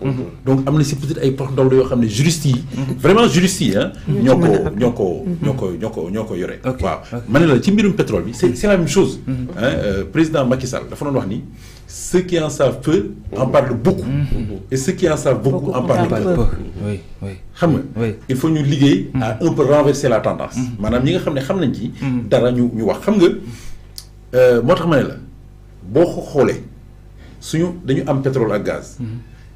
Mm-hmm. donc am na si peut-être ay pox ndoll yoo xam juristes mm-hmm. vraiment juristes hein ah, nyoko nyoko nyoko mm-hmm. nyoko nyoko ñoo ko ñoo yore. la pétrole bi c'est la même chose. hein président Macky Sall dafa doon wax ni. ceux qui en savent peu en parlent beaucoup. et ceux qui en savent beaucoup en parlent peu. oui oui xam il faut nous lier à un peu renverser la tendance. madame ñi nga xam ne xam nañ ci. dara ñu ñu wax xam nga euh, moo tax ma la suñu dañu am pétrole à gaz.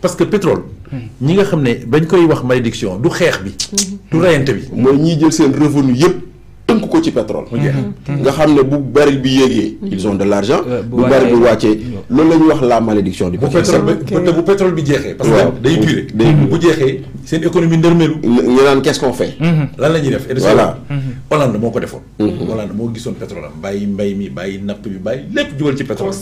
parce que pétrole ñi nga xamné bañ koy wax malédiction du xeex bi du reyante bi moy ñi jël sen revenu yépp tënk ko ci pétrole nga xamné bu bari bi yéegee ils ont de l'argent euh, bu bari bi wàccee loolu lañ wax la malédiction du pétrole bu pétrole bi jéxé parce que day duré bu jéxé sen économie ndërmeelu ñu naan qu'est-ce qu'on fait mm-hmm. lan lañu ñuy def voilà mm-hmm. Hollande moo ko defoon mm-hmm. Hollande mo gisoon pétrole am bàyyi mbay mi bàyyi nap bi bàyyi lepp jubal ci pétrole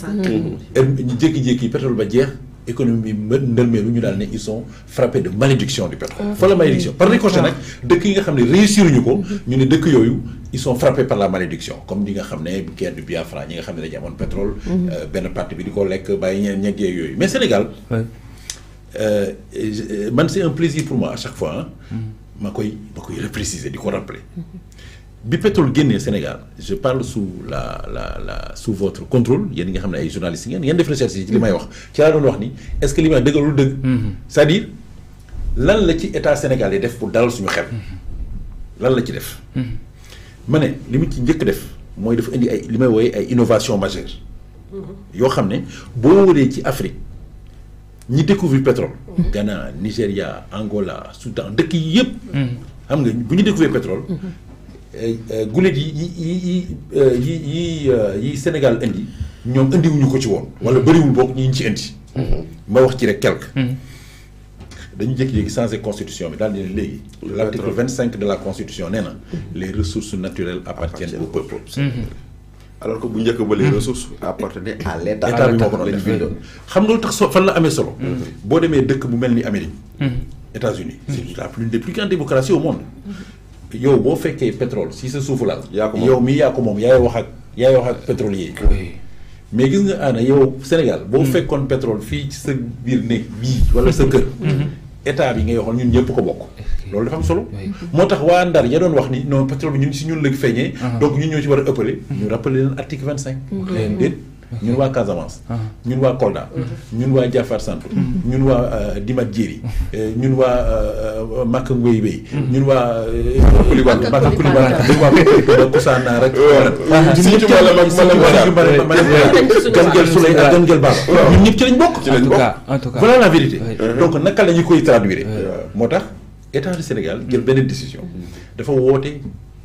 jékki-jékki pétrole ba jeex économie de ndëlmeelu ils sont frappés de malédiction du pétrole. fa la mmh. malédiction par ricochet nag de yi nga xam réussir ñu ñu dëkk ils sont frappés par la malédiction comme ñi nga xam ne guerre du Biafra ñi nga xam ne pétrole. ben parti bi di ko lekk bàyyi ñenn a yooyu mais Sénégal. Euh, euh, man c'est un plaisir pour moi à chaque fois hein. mmh. ma koy ma repréciser rappeler bi pétrole génnee Sénégal je parle sous la la la sous votre contrôle Il y nga des ay journalistes il y def recherche yi ci li may wax ci laa wax ni est-ce que li may dëggalul dëgg mhm. c'est-à-dire lan la ci état Sénégal yi def pour dalal suñu xel mhm. lan la ci def mhm. ma ne li mu ci njëkk def mooy dafa indi ay li may ay innovation majeure Yo xamné ne boo ci Afrique ñi découvrir pétrole Ghana Nigeria Angola Soudan dëkk yépp yëpp xam nga bu ñu découvrir pétrole euh, euh, gulet yi yi yi euh, yi yi Sénégal indi ñoom indiwuñu ko ci woon. wala bëriwul boog ñu ngi ci indi. Mhm. ma wax ci rek quelque. Mhm. dañu jékki-jékki changer constitution bi daal di ne léegi. l' article de la constitution nee na. les ressources naturelles appartiennent au peuple. Mhm. alors que bu njëkk ba les ressources appartenaient à l' état. état bi moo ko doon def xam nga tax fan la amee solo. boo demee dëkk bu mel ni Amérique. États-Unis c'est la plus des plus grandes démocraties au monde. yow boo fekkee pétrole si sa suufu laal. yow mi yaa ko moom yaay wax ak yaay wax ak pétrolier yi. mais gis nga ana yow Sénégal. boo hmm. fekkoon pétrole fii ci sa biir néeg bii wala sa kër. Hmm. état bi ngay waxoon ñun ñëpp ko bokk. loolu dafa am solo. moo tax waa Ndar ya doon wax ni non pétrole bi ñun si ñun la feeñee. donc ñun ñoo ci war a ëppale. Hmm. ñu rappelé leen article vingt cinq. déet. ñun waa Casamance. Ah. ñun waa Kolda. Mhm. ñun waa Diafar Santou. Mhm. ñun waa euh, Dimat Djeri. Mhm. Euh, ñun waa euh, Maka Ngoy Bey. ñun waa. Koulibaly Maka Koulibaly waaw Kousana rek. surtout wala mag wala mag Ganguel Souley ak Ganguel Baba. ñun ñëpp ci lañ bokk. ci lañ bokk en tout cas en tout cas voilà la vérité. donc naka lañu ñu koy traduire. moo tax état Sénégal jël mm. beneen décision. Mm. dafa woote.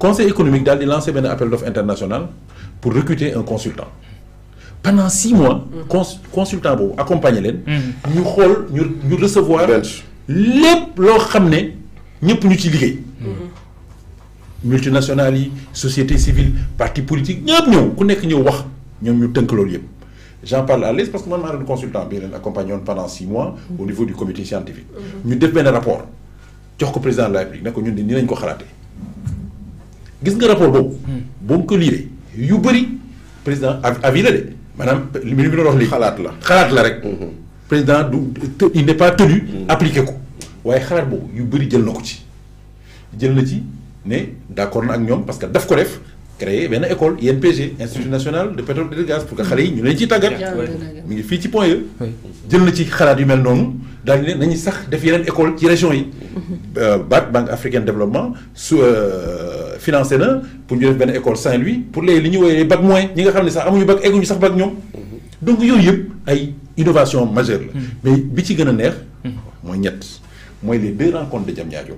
conseil économique a lancé un appel d'offres international pour recruter un consultant pendant six mois. Mm. consultant accompagne accompagner leen. Mm. ñu xool ñu recevoir. lépp loo nous ne ñu ci mm-hmm. multinationales sociétés civiles, partis politiques, nous avons ñëw ku nous j'en parle à l'aise parce que je suis un consultant bien, pendant six mois mm-hmm. au niveau du comité scientifique. Nous fait un rapport jox ko président de la République ne ñun de nii lañ gis nga rapport boobu. Hmm. boo ko liiree yu bëri président avis la de maanaam li mu doon wax léegi. xalaat la xalaat la rek. Hmm. président du il n'est pas tenu. Hmm. appliqué ko waaye xalaat boobu yu bëri jël na ko ci. jël na ci ne d'accord na ak ñoom parce que daf ko def créer benn école INPG institut national de pétrole et de gaz pour que xale yi ñu leen ciy tàggat. mu ngi fii ci point E. jël na ci xalaat yu mel noonu daañu ne nañu sax def yeneen école ci région yi. Euh, Banque Africaine Développement su financé na pour ñu def benn école Saint-Louis pour les li ñu woowee bac moins ñi nga xam ne sax amuñu bac egguñu sax bac ñoom mhm. donc yooyu yëpp ay innovation majeure la mhm. mais bi ci gën a neex mhm. mooy ñett mooy les deux rencontres de Diamniadio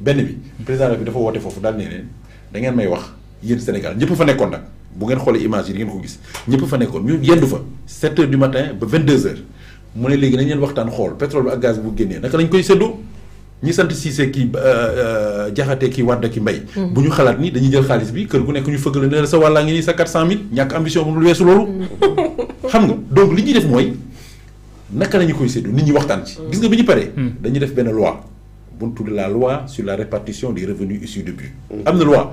benn bi président bi dafa woote foofu daal ne leen da ngeen may wax yéen Sénégal ñëpp fa nekkoon nag bu ngeen xoolee image yi ngeen ko gis ñëpp fa nekkoon ñu yendu fa 7 heures du matin ba 22 heures mu ne léegi nañ leen waxtaan xool pétrole bi ak gaz bu génnee naka lañ koy séddoo ñi sant Cissé ki jaxate euh, euh, ki Wade ki mbay mm-hmm. bu ñu xalaat ni dañu jël xaalis bi kër gu nekk ñu fëgg la ne la sa wàllaa ngi nii sa 400000 ñàkk ambition bu lu weesu loolu. Mm-hmm. xam nga donc li ñuy def mooy naka nañu koy séddu nit ñi waxtaan ci. Mm. gis nga bi ñu paree. Mm. dañuy def benn loi bu ñu tudd la loi su la répartition di revenus issus de but mm. am na loi.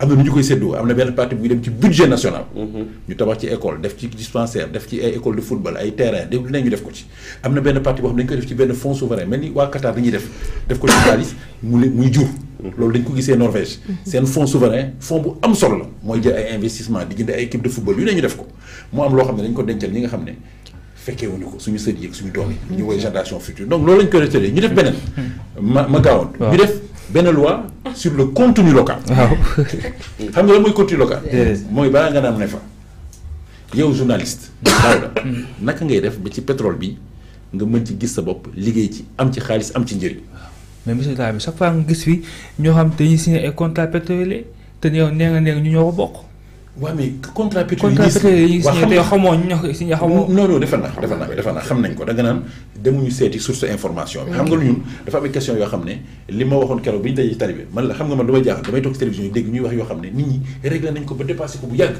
amna ñu koy séddoo amna na benn partie buy dem ci budget national. Mhm. ñu tabax ci école def ci dispensaire def ci ay école de football ay terrain dégg lu ñu def ko ci. amna benn parti boo xam ne dañu koy def ci benn fonds souverain mel ni waa Qatar dañuy def def ko ci xaalis mu muy jur. Mhm. loolu dañ ko gisee Norvège. Mhm. seen fonds souverain fonds bu am solo la mooy jël ay investissement di jënd ay équipe de football yu ne ñu def ko mu am loo xam ne dañ ko dencal ñi nga xam ne. fekkee wuñu ko suñu sët yi suñu doom yi. ñu woy génération future donc loolu lañ koy retenir ñu def beneen. ma ma gaawoon ñu def benn loi sur le contenu local. waaw xam nga lan mooy contenu local. mooy balaa nga naan ne fa. yow journaliste. daaw la naka ngay def ba ci pétrole bi nga mën ci gis sa bopp liggéey ci am ci xaalis am ci njëriñ. mais monsieur Dramé chaque fois nga gis fi ñoo xam te ñu et ay contrat pétrolier te yow nee nga nee nga ñoo ko bokk waaw mais contrat pétrolier. contrat pétrolier yi signé tey xamoo ñu ñoo signé xamoo. non non defal na defal na defal na xam nañ ko da nga naan demuñu seeti source information bi. xam nga lu ñun dafa am question yoo xam ne li ma waxoon keroog bi ñu dajee tali bi man la xam nga man damay jaaxal damay toog télévision dégg ñuy wax yoo xam ne nit ñi régler nañ ko ba dépassé ko bu yàgg.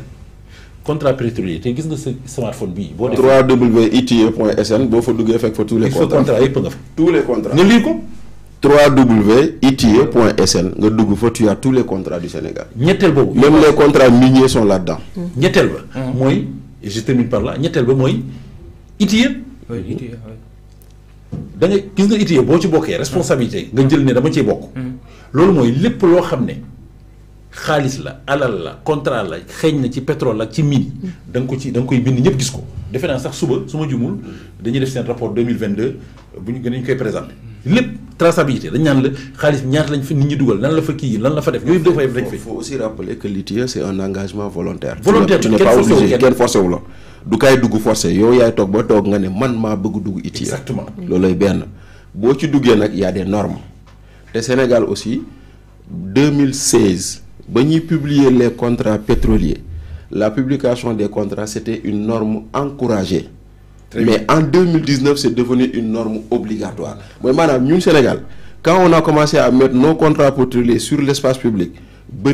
contrat pétrolier te gis nga sa smartphone bii. boo defee www.ite.sn e e boo fa duggee fekk fa tous les. contrats il yëpp nga fa tous les contrats nga lire ko www.itie.sn e tu as tous les contrats du Sénégal. même les contrats miniers sont là-dedans. ñettel ba. Mm. je termine par là ñettel ba itie. E, da nga e, ci responsabilité nga jël que dama ci bokk. Mm. lolu moy lepp lo xamné le la alal la contrat la na ci pétrole la ci mine. Mm. dang ko ci dang koy bind gis ko. sax suba suma jumul def un rapport 2022 buñu lépp traçabilité dañ naan la xaalis ñaata lañ fi nit ñi duggal nan la fa ki lan la fa def faut aussi rappeler que l'ITIE c'est un engagement volontaire. volontaire tu n'es pas obligé ken forcé wu la du kay dugg forcé yow yaay tok ba tok nga ne man ma bëgg dugg ITIE. exactement lolay ben bo boo ci duggee nag y a des normes te Sénégal aussi 2016 ba ñuy publier les contrats pétroliers la publication des contrats c'était une norme encouragée mais en 2019, c'est devenu une norme obligatoire. Mais madame, nous, Sénégal, quand on a commencé à mettre nos contrats pétroliers sur l'espace public, hmm.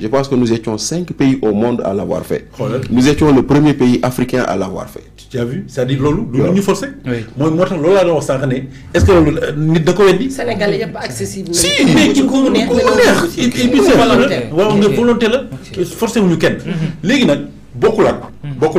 je pense que nous étions cinq pays au monde à l'avoir fait. Nous étions le premier pays africain à l'avoir fait. Tu as vu Ça dit Lolo, Lolo nous forcer. Moi, moi, Lolo, alors, ça rené. Est-ce que nous ni de quoi dit Sénégal il n'y pas accessible. Si, mais qui est Et puis c'est volontaire. On est volontaire. Forcément, nous forcé. Maintenant, beaucoup là, beaucoup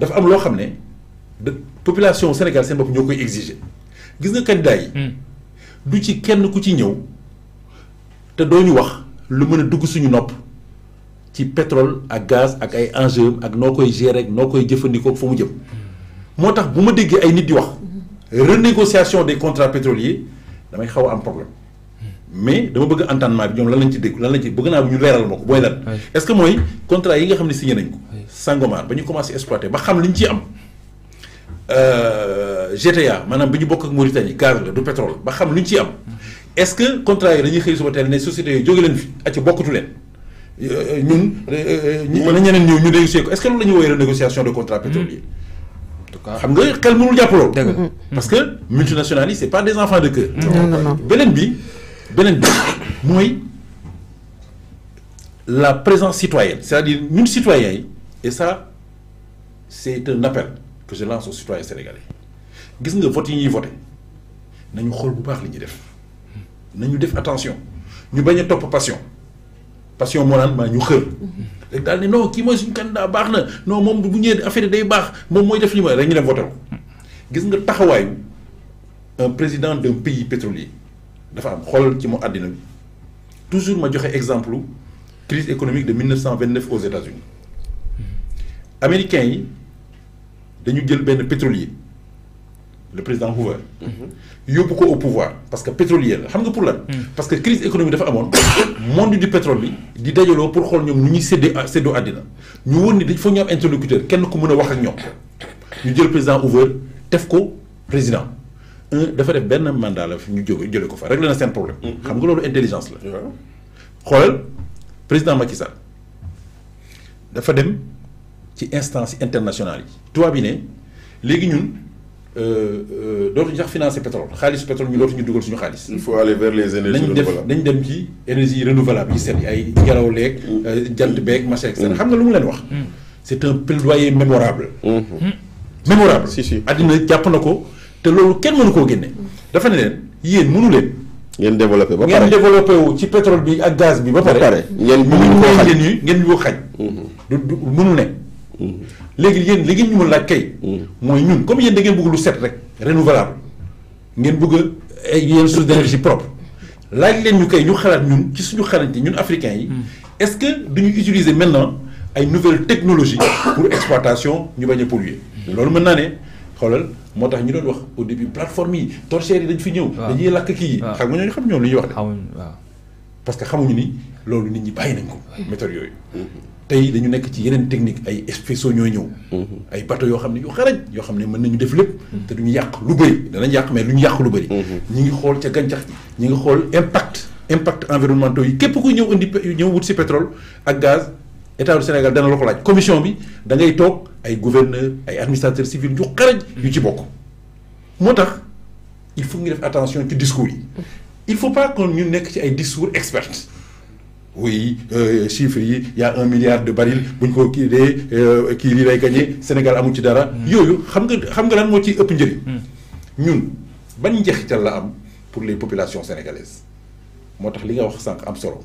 dafa am loo xam ne de population Sénégal seen bopp ñoo koy exiger gis nga candidat yi. Hmm. du ci kenn ku ci ñëw te doñu wax lu mën a dugg suñu nopp ci pétrole ak gaz ak ay enjeux ak noo koy gérer noo koy jëfandikoo fa mu jëm. moo tax bu ma déggee ay nit di wax hmm. renégociation des contrats pétroliers damay xaw a am problème mais dama bëgg entendement bi ñoom lan lañ ci dégg lan lañ ci bëgg naa bu ñu leeral ma ko booy lan est-ce que mooy contrat yi nga xam ne signé nañ ko Sangomar ba ñu commencé exploiter ba xam li ci ciy am euh, GTA maanaam bi ñu bokk ak Mauritanie gaz la du pétrole ba xam luñ ci am mm-hmm. est-ce que contrat yi dañuy xëy suba teel ne sociétés yooyu jóge leen fi ci bokkatu leen euh, euh, ñun ñu na ñeneen ñëw ñu négocier ko est-ce que loolu la ñuy woowee négociation de contrat pétrolier mm-hmm. xam nga xel mënul jàpp loolu parce que mm-hmm. multinationales yi c'est pas des enfants de cœur beneen bi la présence citoyenne c'est-à-dire nous citoyens et ça c'est un appel que je lance aux citoyens sénégalais gis nga vote yi voter nañu xol bu baax li def nañu def attention ñu bañ top passion passion ñu xër rek non ki suñu candidat baax na non mom bu de affaire day baax mom moy def ñu dem gis nga un président d'un pays pétrolier dafa am xol ci mu àddina bi toujours ma joxe exemple crise économique de 1929 aux États-Unis américains yi dañu jël benn pétrolier le président Hoover. Mhm. yóbbu ko au pouvoir parce que pétrolier xam nga pour lan. Hmm. parce que crise économique dafa monde du pétrole bi di dajaloo pour xool ñoom nu ñuy séddee séddoo àddina ñu wër ni dañ foog ñu am interlocuteur kenn ku mën a wax ak ñoom ñu jël président Hoover def ko président un dafa def benn mandat la ñu jóge jële ko fa réglé na seen problème. Mm-hmm. xam nga loolu intelligence la. xoolal président Macky Sall dafa dem ci instance internationale yi. tubaab yi ne léegi ñun euh, euh, dootuñu sax financer pétrole xaalis pétrole ñu ñu dugal suñu xaalis. il faut aller vers les énergies renouvelables dañ dem ci énergie renouvelable yi seet yi ay ngelaw leeg. Mm-hmm. Euh, jant beeg machin et cetera mm-hmm. xam nga lu mu leen wax. c' est un plaidoyer mémorable. mémorable si si àddina jàpp na ko te loolu kenn mënu koo génne. dafa ne leen yéen mënu leen. ngeen développé ba pare ngeen développé wu ci pétrole bi ak gaz bi ba pare. ngeen mënuñu ko xaj ngeen ñu xaj. Mm-hmm. du du mënu ne. Mm-hmm. léegi yéen li ngeen ñu mën laaj kay. Mm-hmm. mooy ñun comme yéen da ngeen bëgg lu set rek renouvelable ngeen bëgg ay yenn source d'énergie propre laaj leen ñu kay ñu xalaat ñun ci suñu xalaat ñun africains yi. Mm. est-ce que duñu utiliser maintenant ay nouvelles technologies pour exploitation ñu bañ a polluer. Mm. loolu mën naa ne xoolal. moo tax ñu doon wax au début plateforme yi torchères yi dañ fi ñëw. dañuy làkk kii yi. xam nga ñooñu xam ñoom li ñuy wax de. parce que xamuñu ni loolu nit ñi bàyyi nañ ko. méthode yooyu. Mmh. tey dañu nekk ci yeneen technique ay espèces ñooy ñëw. Mmh. ay bateau yoo xam ne yu xarañ yoo xam ne mën nañu def lépp. Mmh. te duñu yàq lu bëri danañ yàq lu ñu yàq lu bëri. ñu ngi xool ca gàncax gi ñi ngi xool impact impact environnementaux yi képp ku ñëw indi ñëw wut si pétrole a gaz. état du Sénégal dana la ko laaj commission bi da ngay toog ay gouverneur ay administrateur civil yu xarañ yu ci bokk moo il faut ñu def attention ci discours yi il faut pas que ñu nekk ci ay discours expert oui euh, chiffres yi y a un milliard de barils bu ñu ko kii dee euh, kii lii gagné Sénégal à ci dara hmm. yooyu xam nga xam nga lan moo ci ëpp njëriñ hmm. ñun ban njeexital la am pour les populations sénégalaises moo tax li nga wax sànq am solo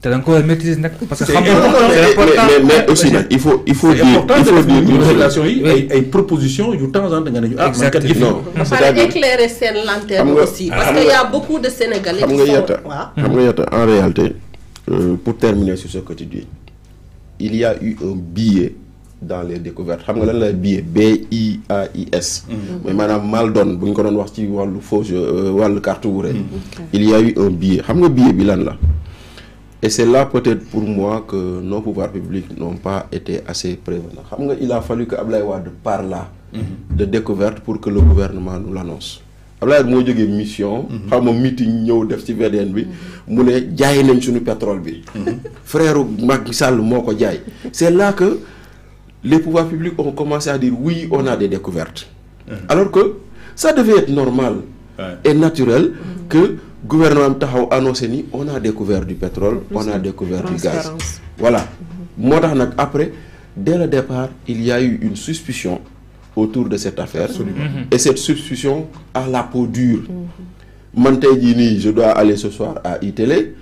T'as encore un parce que mais, aussi il faut il faut dire il faut dire une relation et une proposition du temps en temps ah il c'est éclairer cette lanterne aussi parce qu'il y a beaucoup de sénégalais qui sont en réalité euh, pour terminer sur ce que tu dis il y a eu un billet dans les découvertes xam le lan billet B I A I S. Mm. mais Madame mal doon bu ñu ko doon wax ci fausse euh, carte mm. il y a eu un billet xam le billet bi et c'est là peut-être pour moi que nos pouvoirs publics n'ont pas été assez prévenants. Il a fallu que Ablaï parle mhm. de découverte pour que le gouvernement nous l'annonce. c'est une mission. à mhm. mon meeting au def VDN bi. Mhm. mu pétrole frère Macky Sall m'a c'est là que les pouvoirs publics ont commencé à dire oui on a des découvertes. alors que ça devait être normal. et naturel que gouvernement a annoncé ni on a découvert du pétrole on a découvert du gaz voilà mhm. après dès le départ il y a eu une suspicion autour de cette affaire mhm. et cette suspicion a la peau dure mhm. je dois aller ce soir à iTélé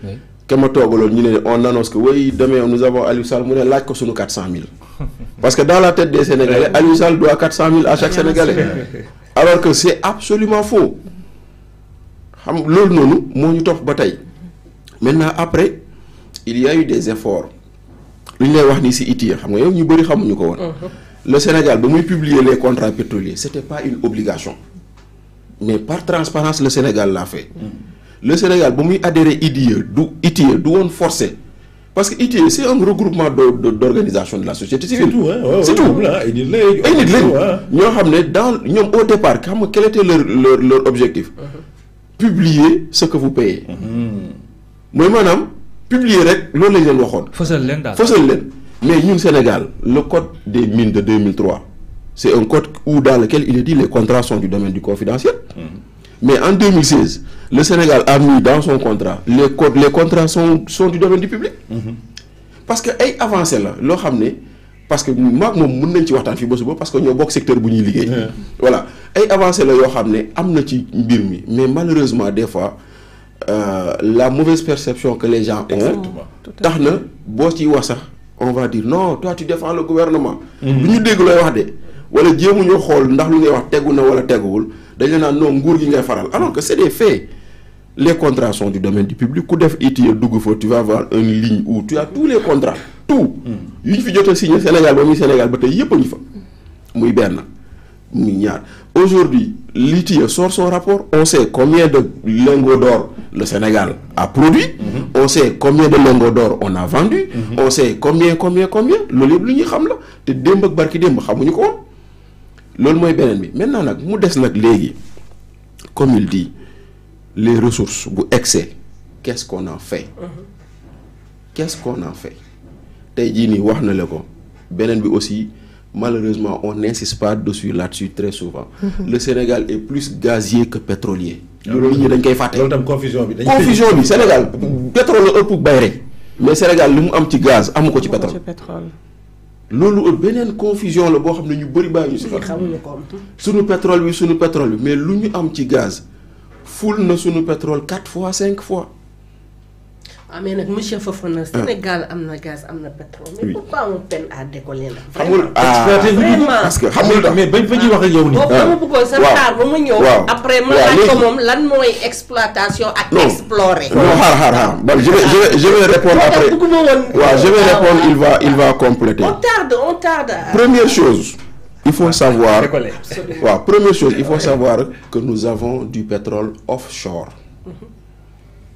on annonce que oui demain nous avons Aliou Sall là que ko 400 000 parce que dans la tête des Sénégalais Aliou doit 400 000 à chaque Sénégalais alors que c'est absolument faux c'est ce noonu moo ñu Nous maintenant après il y a eu des efforts lay wax ITIE xam nga mhm. le Sénégal il muy publier les contrats pétroliers ce n'était pas une obligation mais par transparence le Sénégal l'a fait. Mhm. le Sénégal pour muy adhérer à du ITIE du pas forcé parce que ITIE c'est un regroupement d'organisations de la société civile. c'est tout hein tout. Nous avons au départ quel était leur objectif. Mhm publier ce que vous payez. Hmm. Moi, madame, publier rek que vous faut l'aider? mais Sénégal le code des mines de 2003 c'est un code où dans lequel il est dit les contrats sont du domaine du confidentiel. Hmm. mais en 2016 le Sénégal a mis dans son contrat les les contrats sont du domaine du public. Hmm. parce que cela, avancé là, parce que moi, mon mën nañ ci waxtaan fii ba parce que ñoo bokk secteur bu ñuy liggéey. voilà ay avancé la yoo xam ne am ci mbir mi mais malheureusement des fois euh, la mauvaise perception que les gens ont tax ne boo wax sax on va dire non toi tu défends le gouvernement lu mm. ñu dégg looy wax de wala jéemuñu xool ndax lu ngay wax tegu wala teguwul dañ la non nguur gi ngay faral alors que c'est des faits les contrats sont du domaine du public ku def it ya dugg tu vas avoir une ligne où tu as tous les contrats tout yi fi Sénégal ba Sénégal ba tey a ngi fa muy muy aujourd'hui l'ITI sort son rapport on sait combien de lingots d'or le Sénégal a produit mhm. on sait combien de lingots d'or on a vendu mhm. on sait combien combien combien Le yëpp lu xam la te démb ak barki démb xamuñu ko woon loolu mooy maintenant nag mu des comme il dit les ressources bu excès qu'est-ce qu'on en fait mhm. qu'est-ce qu'on en fait tey aussi malheureusement on n'insiste pas dessus là-dessus très souvent. Mhm. le Sénégal est plus gazier que pétrolier. Ah, confusion confusion Sénégal pétrole la pour bay mais Sénégal gaz amu ko ci pétrole. confusion le bord nous ñu ñu suñu pétrole mais lu am gaz ful na suñu pétrole quatre fois cinq fois ah mais nag monsieur Fofana. Ah. Sénégal am na gaz am na pétrole. mais pourquoi on peine à décoller là. vraiment ah, vraiment parce que mais bañ fa ñuy wax ak yow nii. Ah. waaw waaw boobu bëggoon sa xaar ba ma ñëw. après ma laaj ko moom lan mooy exploitation ak. explorer non xaar xaar xaar bon je vais je vais je vais répondre après. waaw je vais répondre il va il va compléter. on tarde on tarde. première chose. Il faut savoir, ouais, première chose, il faut savoir que nous avons du pétrole offshore. Mhm.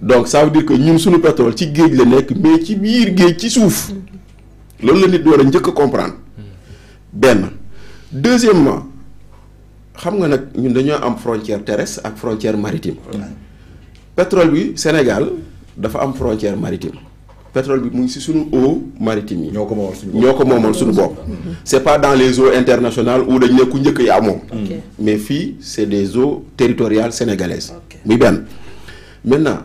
donc ça veut dire que nous sommes pétrole ci géej la nez, mais ci bir qui ci souf loolu la nit war comprendre Bien. deuxièmement xam nga une ñun am frontière terrestre ak frontière maritime pétrole bi Sénégal dafa am frontière maritime pétrole bi muy ci eau maritime yi. ñoo ko suñu bopp pas dans les eaux internationales où dañ ne ku njëkk yaa mais fi c'est des eaux territoriales sénégalaises. muy maintenant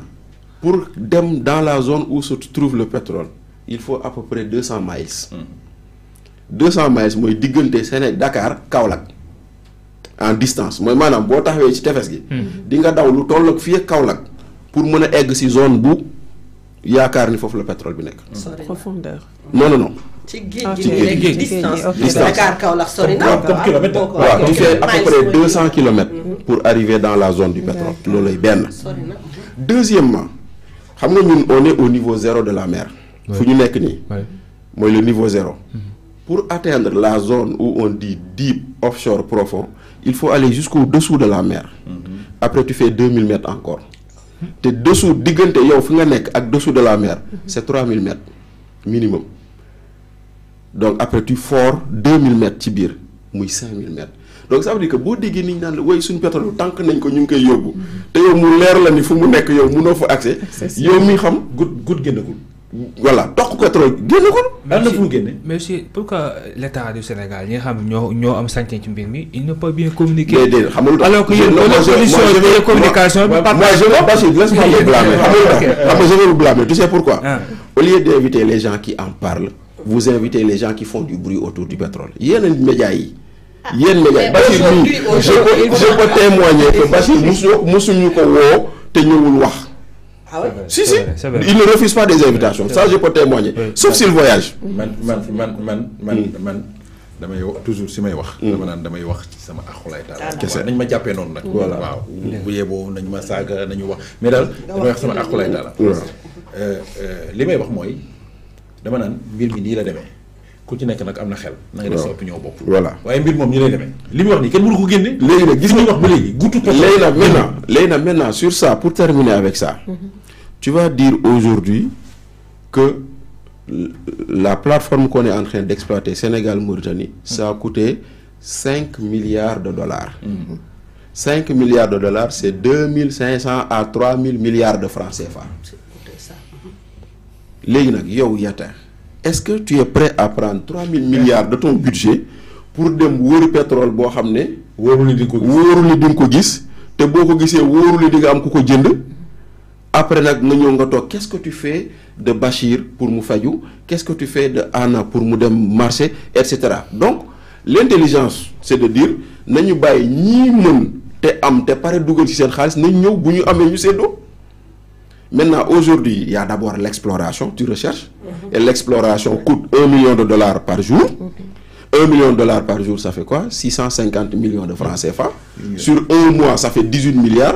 pour dem dans la zone où se trouve le pétrole il faut à peu près 200 miles. 200 hmm. miles mooy diggante Sénégal Dakar Kaolack en distance Moi, maintenant boo taxawee ci tefes gi. Hmm. di nga daw lu toll ak Kaolack pour mën egg ci zone bu il ni pétrole bi hmm. profondeur. non non non. à peu près 200 km pour arriver dans la zone du pétrole. deuxièmement on est au niveau zéro de la mer. fu ñu nekk nii. le niveau zéro. Mhm. pour atteindre la zone où on dit deep offshore profond il faut aller jusqu'au-dessous de la mer. Mhm. après tu fais 2000 mètres encore. te dessous diggante yow fi dessous de la mer mhm. c'est 3000 mètres minimum donc après tu fort 2000 mètres ci biir muy 5000 mètres donc ça veut dire que bo déggee ni ñu naan woy suñu pétrole tank nañ ko ñu ngi koy yobbu te yow mu leer la ni fu mu nekk yow munoo fa accès yow mi xam gut gut génnagul voilà tok pétrole génnagul daan na pour mais aussi pourquoi l'état du Sénégal ñi xam ño ño am santé ci mbir mi il ne pas bien communiquer alors que lu tax alors que yéen solution de communication moi je vais parce que laisse-moi blâmer xam nga je vais vous blâmer tu sais pourquoi ah. au lieu d'inviter les gens qui en parlent vous invitez les gens qui font du bruit autour du pétrole yéen médias yi yéen you gars parce je peux je témoigner que nous ko te ah si si il ne refuse pas des invitations ça je peux témoigner sauf s'il voyage. man man man man hmm. toujours si wax. Hmm. dama damay wax ci sama ma waaw ku nek nak amna xel. na nga def sa opinion bopp. voilà waaye mbir mom ñu lay démé limi mu wax nii kenn mënu ko génne. légui nak gis nga wax ba léegi guutu ko. légui nak maintenant légui nak maintenant sur ça pour terminer avec ça. Mhm. tu vas dire aujourd'hui que la plateforme qu'on est en train d'exploiter Sénégal Mauritanie. Mhm. ça a coûté 5 milliards de dollars. 5 mhm. milliards de dollars, c'est 2500 à 3000 milliards de francs CFA. C'est ça. Maintenant, est-ce que tu es prêt à prendre 3000 milliards de ton budget pour dem wëri pétrole bo xamné woru li di ko gis li di ko gis té boko ko woru li di am kuko jënd après nak nga ñëw nga tok qu'est-ce que tu fais de Bachir pour mu faju qu'est-ce que tu fais de Anna pour mu dem marché et cetera donc l'intelligence c'est de dire nañu bàyyi ñi mëne té am té paré dugal ci sen xaliss nañ ñëw bu ñu amé ñu seddoo Maintenant, aujourd'hui, il y a d'abord l'exploration, tu recherches. Et l'exploration coûte 1 million de dollars par jour. 1 million de dollars par jour, ça fait quoi 650 millions de francs CFA. Sur un mois, ça fait 18 milliards.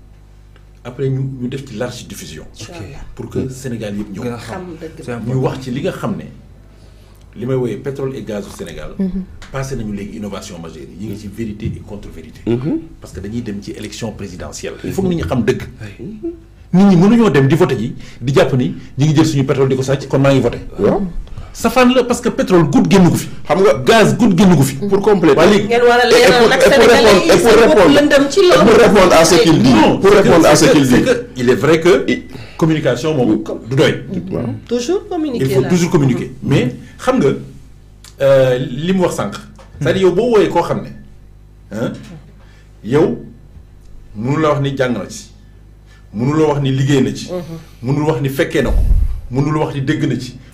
après ñu def ci large diffusion. pour que mm. Sénégal yëpp ñëw. ñu wax ci li nga xam ne li may pétrole et gaz au Sénégal. Mm-hmm. passé nañu léegi innovation majeure yi ngi ci vérité et contre vérité. Mm-hmm. parce que dañuy dem ci élection présidentielle. Mm-hmm. il faut que nit ñi xam dëgg. nit ñi mënuñoo dem di voté ji di jàpp ni ñi ngi jël suñu pétrole di ko sàcc kon maa ngi voté parce que pétrole goud un gaz pour compléter répondre à ce qu'il dit répondre à ce qu'il dit. il est vrai que communication mom mm-hmm. toujours communiquer il faut toujours communiquer mm-hmm. mais xam nga euh wax c'est-à-dire yow hein, ni na ci ni na ci. Mm-hmm. ni na ko ni na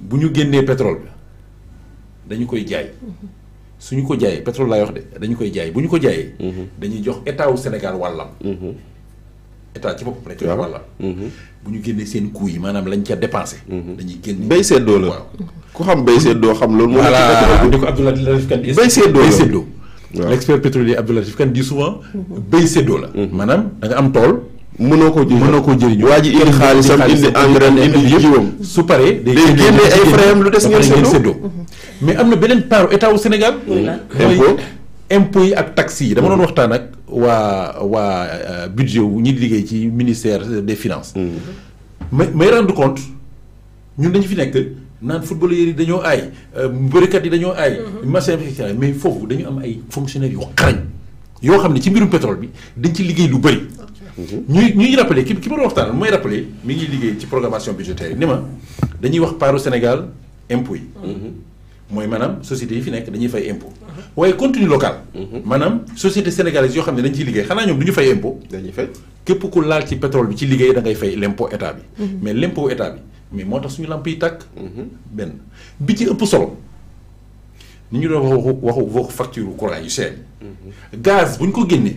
bu ñu génnee pétrole bi dañu koy jaay mm-hmm. suñu ko jaayee pétrole laay wax de dañu koy jaay bu ñu ko jaayee. Mm-hmm. dañuy jox état wu Sénégal wàllam. Mm-hmm. état ci boppam dañ koy jox bu ñu génnee seen coût yi maanaam lañ ca dépensé. dañuy génne béy seddoo la waaw ku xam béy seddoo xam loolu. moo nekk ci ko Abdoulaye Latif Kane di. béy seddoo la béy seddoo. waaw l' expert pétrolier Abdoulaye Latif Kane di souvent béy seddoo la. maanaam da am tool. mënoko ko mënoko mënoo waji jëriñoo waa indi xaalisam indi engrais indi yëpp su paree day génne ay frais lu dess ngeen séddoo mm-hmm. mais amna na beneen part état wu Sénégal impôt impôt ak taxi dama don mm-hmm. waxtaan ak wa wa euh, budget wu ñi liggéey ci ministère des finances mm-hmm. mais may rendre compte ñun dañu fi nekk naan footballeur yi dañoo ay euh, mbërikat yi dañoo ay machin mais foofu dañu am ay fonctionnaires yu xarañ yoo xam ne ci mbirum pétrole bi dañ ci liggéey lu bëri ñuy ñuy rappelé ki ki ma waxtaan mooy rappelé mi ngi liggéey ci programmation budgétaire ni ma dañuy wax paaru Sénégal impôt yi. Mm-hmm. mooy maanaam société yi fi nekk dañuy fay impôt waaye contenu local. Mm-hmm. maanaam société sénégalaise yoo xam ne dañ fay impôt. képp ku laal ci pétrole bi ci liggéey da ngay fay l'impôt état bi. Mm-hmm. mais l'impôt état bi mais moo tax suñu lamp yi tàkk. benn bi ci ëpp solo ni ñu doon waxu waxu waxu facture courant yu seer. gaz bu ñu ko génnee.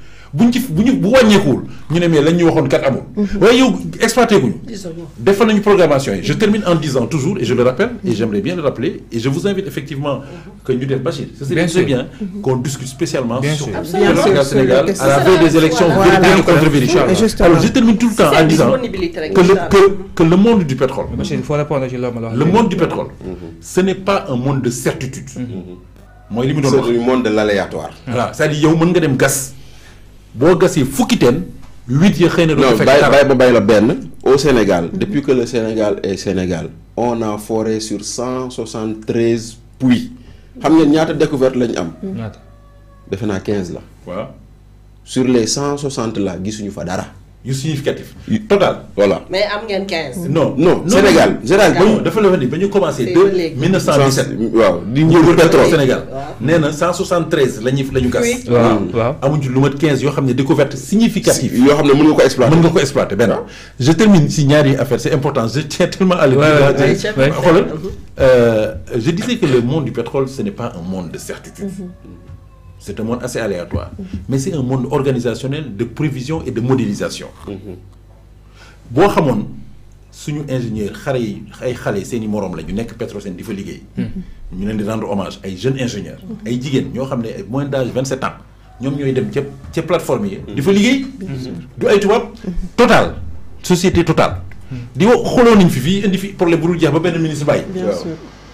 buñ ci bu ñu bu wàññeekuwul ñu ne mais lañ ñu waxoon kat amul. Mhm. waaye yow exploité guñu. une nañu programmation je termine en disant toujours et je le rappelle et j'aimerais bien le rappeler et je vous invite effectivement mhm. que ñu def Bachir. bien sûr c'est bien qu'on discute spécialement. sur le Sénégal à la veille des élections véritablement contre alors je termine tout le temps en disant que le que que le monde du pétrole. il faut répondre ci loolu le monde du pétrole. Mhm. ce n'est pas un monde de certitude. c'est le monde de l'aléatoire. c'est-à-dire yow mën nga dem gas au Sénégal depuis que le Sénégal est Sénégal on a foré sur 173 puits Vous ngeen découvert découverte lañ am. Depuis 15 là. sur les 160, là fa yu significatif. total voilà. mais am ngeen 15. non non Sénégal général bañu dafa la ni ba commencé. de 1917 waaw di wër pétrole Sénégal. néna 173 lañu lañu la ñu gas. Hmm. waaw amuñu lu mat 15 yo xamné découverte significative. yo xamné ne nga ko exploiter mën nga ko exploiter benn. je termine si ñaari affaire c'est important je tiens tellement à le dire. Mhm. Euh, je disais que le monde du pétrole ce n'est pas un monde de certitude. Mhm. C'est un monde assez aléatoire. Mais c'est un monde organisationnel de prévision et de modélisation. Mhm. boo xamoon suñu ingénieur morom la mhm. hommage jeunes ingénieurs. ay nous moins ans plateforme mhm. total société totale. di fi indi ministre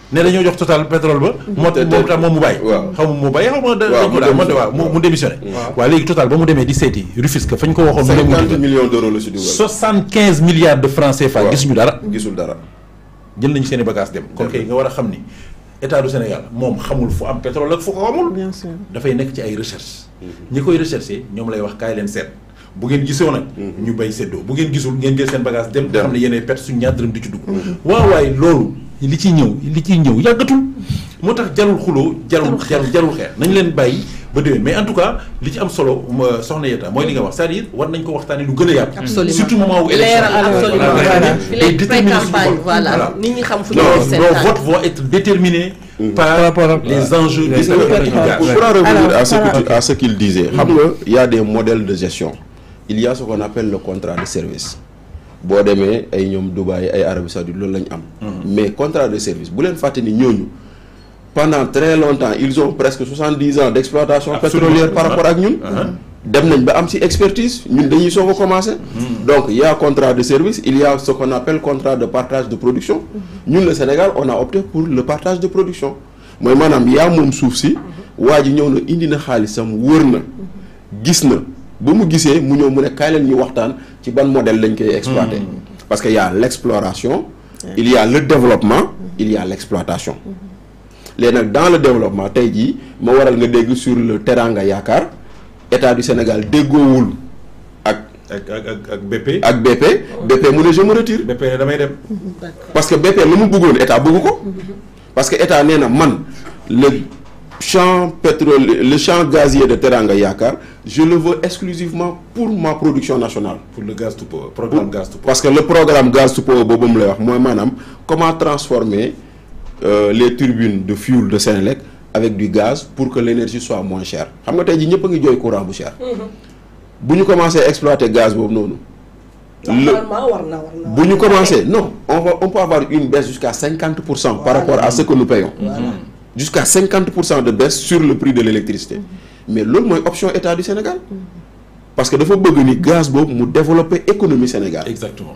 né dañu jox total pétrole ba mo tax moom tam mu bay xam ma mu bàyyi xaw ma dañ mo daal waaw mu démissionné waaw léegi total ba mu démé di seeti Rufisque fañ ko waxo 50 millions d'euros la si dugal 75 milliards de francs CFA gisuñu dara gisul dara jël nañu seen bagage dem kon kay nga wara xam ni état du Sénégal mom xamul fu am pétrole ak fu ko amul bien sûr da fay nek ci ay recherche mhm. ñi koy recherché ñom lay wax kay leen sét bu ngeen gisoo nak mhm. ñu bay seddoo bu ngeen gisul ngeen jël seen bagage dem xam ne yéenay perte suñu ñaar dërëm di ci dugg mhm. waaw waay loolu li ci ñëw li ci ñëw yàggatul moo tax jarul xuloo jarul jarul jarul xeer nañ leen bàyyi ba déwén mais en tout cas li ci am solo soxna Yeta mooy li nga wax c'est-à-dire war nañ ko waxtaanee lu gën a yàgg surtout moment wu élection voilà nit ñi xam fu ñu nos votes vont être déterminés mm. par les enjeux des pour en revenir à ce que à ce qu'il disait mm-hmm. xam nga il y a des modèles de gestion il y a ce qu'on appelle le contrat de service boo demee ay Dubaï ay Arabie Saoudite loolu hmm. mais contrat de service bu nous pendant très longtemps ils ont presque 70 ans d'exploitation pétrolière par rapport à nous uh-huh. dem nañ une expertise ñun hmm. dañuy hmm. donc il y a contrat de service il y a ce qu'on appelle contrat de partage de production. nous le Sénégal on a opté pour le partage de production Moi, y a un suuf souci waa ji ñëw na indi na xaalisam wër na. gis na ba mu gisee mu ñëw mu ne kaay leen waxtaan ci modèle lañ koy exploiter. Hmm. parce qu'il y a l'exploration il y a le développement il y a l'exploitation hmm. les dans le développement tay ji mo waral sur le Teranga yakar état du Sénégal de ak ak BP ak BP BP mu je me retire BP parce que BP lu mu état hmm. parce que état man le champ pétrole, le champ gazier de Teranga Yakar, je le veux exclusivement pour ma production nationale. Pour le gaz programme gaz Parce que le programme gaz tout pour, moi, madame, comment transformer euh, les turbines de fuel de Sénélec avec du gaz pour que l'énergie soit moins chère. Vous savez, tout le monde courant cher. Si nous à exploiter le gaz, non, non, on, on peut avoir une baisse jusqu'à 50% par rapport à ce que nous payons jusqu'à 50% de baisse sur le prix de l'électricité mais l'autre option option état du Sénégal parce que dafa bëgg ni gaz pour mu développer économie Sénégal exactement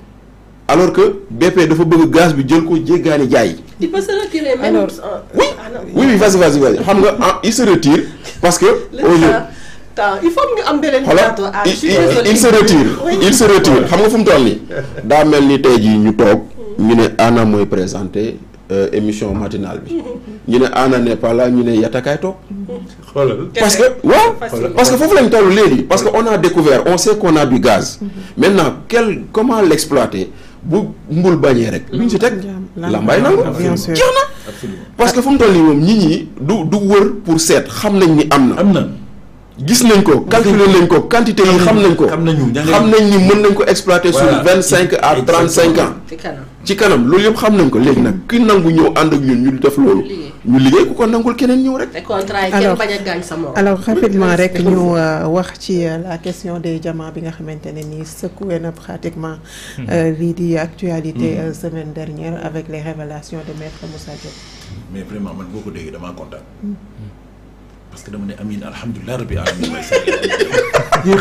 alors que BP dafa bëgg gaz bi jël ko jéggaani jaay. il peut se retirer ah, oui oui vas-y vas-y vas-y ah, il se retire parce que. au lieu il se retire. Il se retire. il se retire il se retire Il se retire. Il se retire. Il se retire. Il se retire. Il se retire. ana se présenté. Euh, émission matinale bi ñu ne Anna n'est pas là ñu ne Yatakaay toog parce que waaw parce que foofu lañ toll léegi parce que on a découvert on sait qu'on a du gaz maintenant quel comment l'exploiter bu mbul bañee rek luñ si teg lambay nangu jeex na parce que fu mu toll nii moom ñi du wër pour seet xam nañ ni am na gis nañ ko calculer nañ ko quantité yi xam nañ ko xam nañ ni mën nañ ko exploiter sur 25 à 35 ans ci kanam loolu yëpp xam nañ ko léegi nag ki nangu ñëw ànd ak ñun ñu def loolu ñu liggéey ko ko nangul keneen ñëw rek alors rapidement rek ñu euh, wax ci euh, la question des diamants bi nga xamante ne nii secoué na pratiquement hmm. euh, lii di actualité hmm. semaine dernière avec les révélations de maître Moussa Diop mais vraiment man boo ko déggee damaa kontaan hmm. parce que dama ne Amine alhamdulilah rabbi alamin